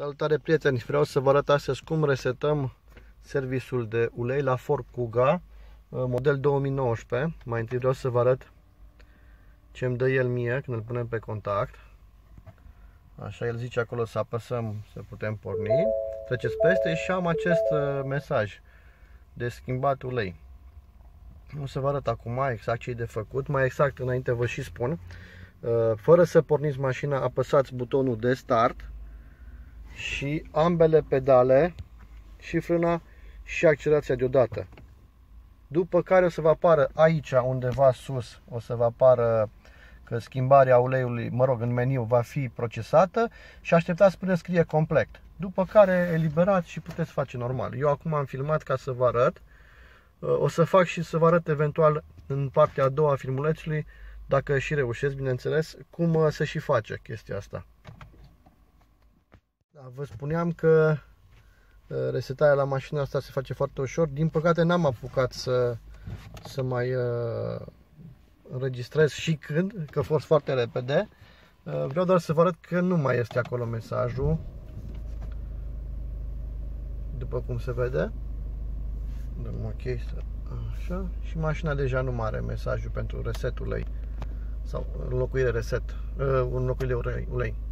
Salutare prieteni, vreau să vă arăt astăzi cum resetăm servisul de ulei la Ford Kuga uh, model 2019. Mai întâi vreau să vă arăt ce îmi dă el mie când îl punem pe contact. Așa, el zice acolo să apăsăm, să putem porni. Treceți peste și am acest uh, mesaj de schimbat ulei. Nu să vă arăt acum exact ce e de făcut, mai exact înainte vă și spun. Uh, fără să porniți mașina, apăsați butonul de start și ambele pedale, și frâna și accelerația deodată. După care o să vă apară aici, undeva sus, o să vă apară că schimbarea uleiului, mă rog, în meniu va fi procesată și așteptați până scrie complet. După care eliberați și puteți face normal. Eu acum am filmat ca să vă arăt. O să fac și să vă arăt eventual în partea a doua a filmulețului, dacă și reușesc, bineînțeles, cum se și face chestia asta. Da, vă spuneam că uh, resetarea la mașina asta se face foarte ușor. Din păcate n-am apucat să, să mai uh, înregistrez și când, că fost foarte repede. Uh, vreau doar să vă arăt că nu mai este acolo mesajul. După cum se vede. Dăm ok. Așa. Și mașina deja nu mai are mesajul pentru resetul ei. Sau înlocuire reset. Uh, înlocuire ulei.